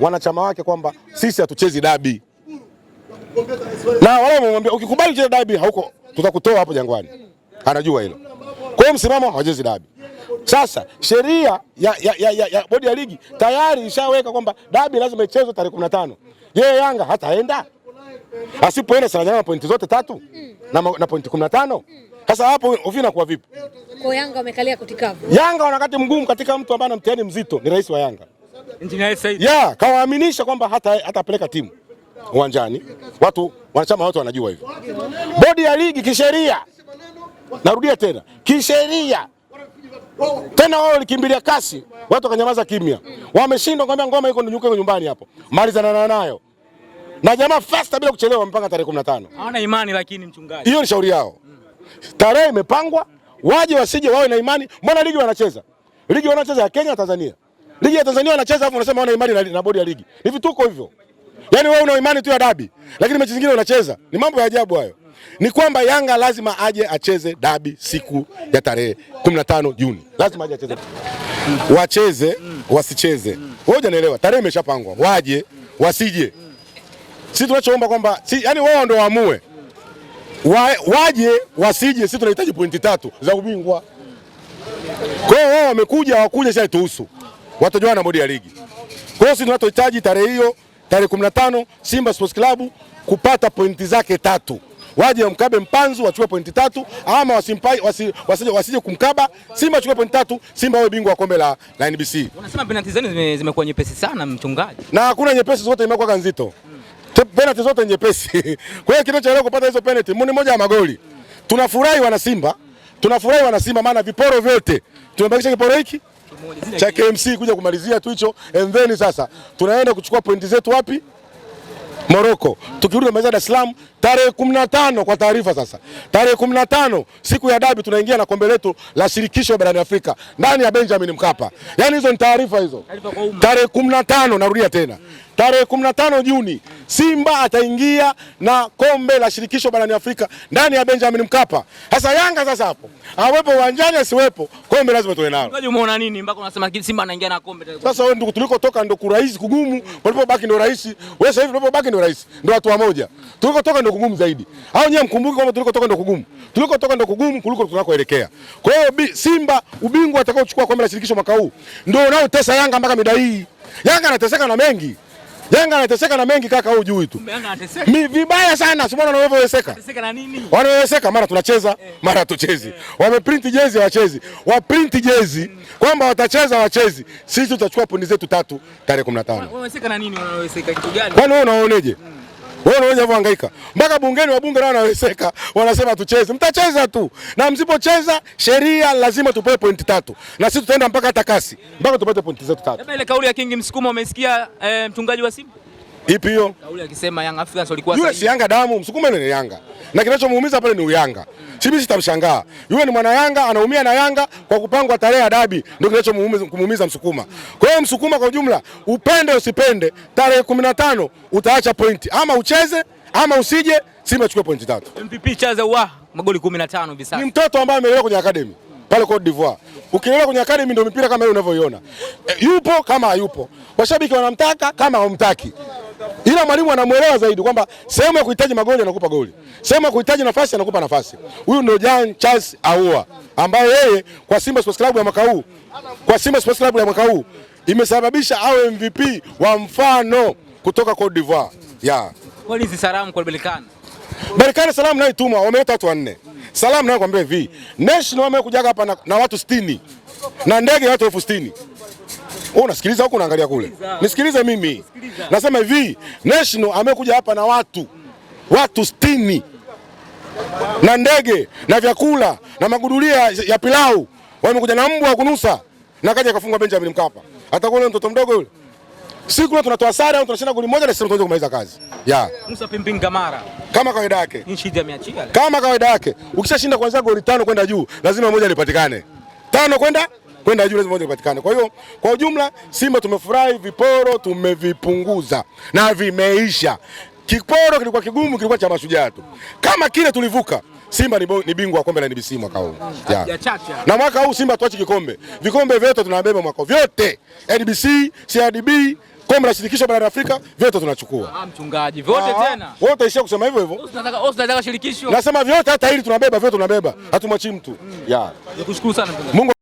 wanachama wake kwamba sisi hatuchezi dabi, na wale wamemwambia ukikubali kucheza dabi hauko tutakutoa hapo Jangwani. Anajua hilo, kwa hiyo msimamo hawachezi dabi. Sasa sheria ya, ya, ya, ya, ya bodi ya ligi tayari ishaweka kwamba dabi lazima ichezwe tarehe 15. Yeye Yanga hataenda asipoenda sana na pointi zote tatu na, na pointi 15 sasa hapo ofi inakuwa vipi? Kwa Yanga wamekalia kutikavu. Yanga wana wakati mgumu katika mtu ambaye anamtiani mzito ni rais wa Yanga. Yeah, kawaaminisha kwamba hata atapeleka timu uwanjani. Watu wanachama wote wanajua hivyo. Bodi ya ligi kisheria, narudia tena, kisheria tena wao walikimbilia kasi, watu wakanyamaza kimya, wameshindwa kwambia ngoma iko nyuke nyumbani hapo, malizana nayo na jamaa fasta bila kuchelewa mpaka tarehe 15. Hawana imani lakini, mchungaji, hiyo ni shauri yao. Tarehe imepangwa, waje wasije, wawe na imani. Mbona ligi wanacheza ligi wanacheza ya Kenya, Tanzania Ligi ya Tanzania wanacheza hapo, unasema wana imani na, na bodi ya ligi. Hivi tuko hivyo. Yaani wewe una imani tu ya dabi, lakini mechi zingine unacheza. Ni mambo ya ajabu hayo. Ni kwamba Yanga lazima aje acheze dabi siku ya tarehe 15 Juni. Lazima aje acheze. Wacheze, wasicheze. Wewe unanielewa? Tarehe imeshapangwa. Waje, wasije. Sisi tunachoomba kwamba si, yani wao ndio waamue. Wa, waje wasije, sisi tunahitaji pointi tatu za ubingwa. Kwa hiyo wao wamekuja, hawakuja, sasa tuhusu watajua na bodi ya ligi. Kwa hiyo sisi tunachohitaji tarehe hiyo, tarehe 15 Simba Sports Club kupata pointi zake tatu, waje wamkabe Mpanzu wachukue pointi tatu, ama wasimpai wasi, wasije, wasije kumkaba Simba chukue pointi tatu, Simba awe bingwa wa kombe la, la NBC. Unasema penalti zenu zimekuwa zime nyepesi sana mchungaji, na hakuna nyepesi, zote imekuwa nzito hmm. penalti zote nyepesi kwa hiyo kinachoelewa kupata hizo penalti ni moja ya magoli. hmm. Tunafurahi wana Simba, tunafurahi wana Simba, maana viporo vyote tumebakisha kiporo hiki cha KMC kuja kumalizia tu hicho and then sasa tunaenda kuchukua pointi zetu wapi? Morocco. Tukirudi na Dar es Salaam tarehe 15 kwa taarifa sasa. Tarehe 15 siku ya dabi tunaingia na kombe letu la shirikisho barani Afrika ndani ya Benjamin Mkapa. yani hizo ni taarifa hizo. Tarehe 15 narudia tena. Tarehe 15 Juni Simba ataingia na kombe la shirikisho barani Afrika ndani ya Benjamin Mkapa. Sasa Yanga sasa hapo awepo uwanjani asiwepo, kombe lazima tuwe nalo. Unajua Umeona nini mpaka unasema Simba anaingia na kombe? Sasa wewe ndugu, tulikotoka ndo kurahisi kugumu, walipobaki ndo rahisi. Wewe sasa hivi ulipobaki ndo rahisi, ndo wa moja. Tulikotoka ndo kugumu zaidi, Hao nyewe mkumbuke kwamba tulikotoka ndo kugumu, tulikotoka ndo kugumu kuliko tunakoelekea. Kwa hiyo Simba ubingwa atakaochukua kombe la shirikisho mwaka huu ndio unaotesa Yanga mpaka mida hii. Yanga anateseka na mengi Yanga anateseka na mengi kaka, wewe hujui tu. Mi vibaya sana, si mbona wanaoweseka Anateseka na nini? mara tunacheza, eh, mara tuchezi. Eh. Wameprint jezi hawachezi. Wa print jezi mm, kwamba watacheza wachezi Sisi tutachukua pundi zetu tatu tarehe 15. Wanawezeka na nini? Wanawezeka kitu gani? Kwani wewe unaoneje? Mm. Wewe unaona unavyohangaika. Mpaka bungeni wa bunge nao wanawezeka. Wanasema tucheze. Mtacheza tu. Na msipocheza sheria lazima tupewe pointi tatu. Na sisi tutaenda mpaka hata kasi. Mpaka tupate pointi zetu tatu. Ile kauli ya King Msukuma umesikia eh, mchungaji wa Simba? Ipi hiyo? Kauli akisema Yanga Africans walikuwa sahihi. Yule si Yanga damu, msukume ni Yanga. Na kinachomuumiza pale ni uyanga. Sisi sitamshangaa. Yule ni mwana Yanga, anaumia na Yanga kwa kupangwa tarehe ya dabi ndio kinachomuumiza Msukuma. Kwa hiyo Msukuma kwa ujumla, upende usipende, tarehe 15 utaacha pointi. Ama ucheze ama usije, Simba achukue pointi tatu. MVP chaza wa magoli 15 hivi sasa. Ni mtoto ambaye amelelewa kwenye academy pale Cote d'Ivoire. Ukilelewa kwenye academy ndio mipira kama hiyo unavyoiona. E, yupo kama hayupo. Washabiki wanamtaka kama hawamtaki ila mwalimu anamwelewa zaidi kwamba sehemu ya kuhitaji magoli anakupa goli, sehemu ya kuhitaji nafasi anakupa nafasi. Huyu ndio Jean Charles Ahoua ambaye yeye kwa Simba Sports Club ya mwaka huu, kwa Simba Sports Club ya mwaka huu imesababisha awe MVP wa mfano kutoka Cote d'Ivoire. Yeah. Polisi salamu kwa Berkane. Berkane salamu nayo itumwa, wameleta watu wanne. Salamu nayo kwambia hivi, National wamekuja hapa na, na watu 60 na ndege watu 60. Wewe unasikiliza huko unaangalia kule. Nisikilize mimi. Nasema hivi, National amekuja hapa na watu watu sitini na ndege na vyakula na magudulia ya pilau, wamekuja na mbwa kunusa na kaja kafungwa Benjamin Mkapa. Atakuwa yule mtoto mdogo yule. Siku leo tunatoa sare au tunashinda goli moja na sisi tunaweza kumaliza kazi. Ya. Musa Pimpin Kamara. Kama kawaida yake. ya Kama kawaida yake. Ukishashinda kwanza goli tano kwenda juu, lazima moja lipatikane. Tano kwenda kwenda juu lazima moja ipatikane. Kwa hiyo kwa ujumla, Simba tumefurahi, viporo tumevipunguza na vimeisha. Kiporo kilikuwa kigumu, kilikuwa cha mashujaa tu, kama kile tulivuka. Simba ni bingwa wa kombe la NBC mwaka huu ya. Na mwaka huu Simba tuache kikombe, vikombe vyote tunabeba mwaka vyote, NBC, CRDB, kombe la shirikisho barani Afrika vyote tunachukua. Ah, mchungaji, vyote ah, tena. Wote ishia kusema hivyo hivyo. shirikisho. Nasema vyote, hata hili tunabeba, vyote tunabeba, mm. hatumwachi mtu. Mm. Ya. Nikushukuru sana mchungaji.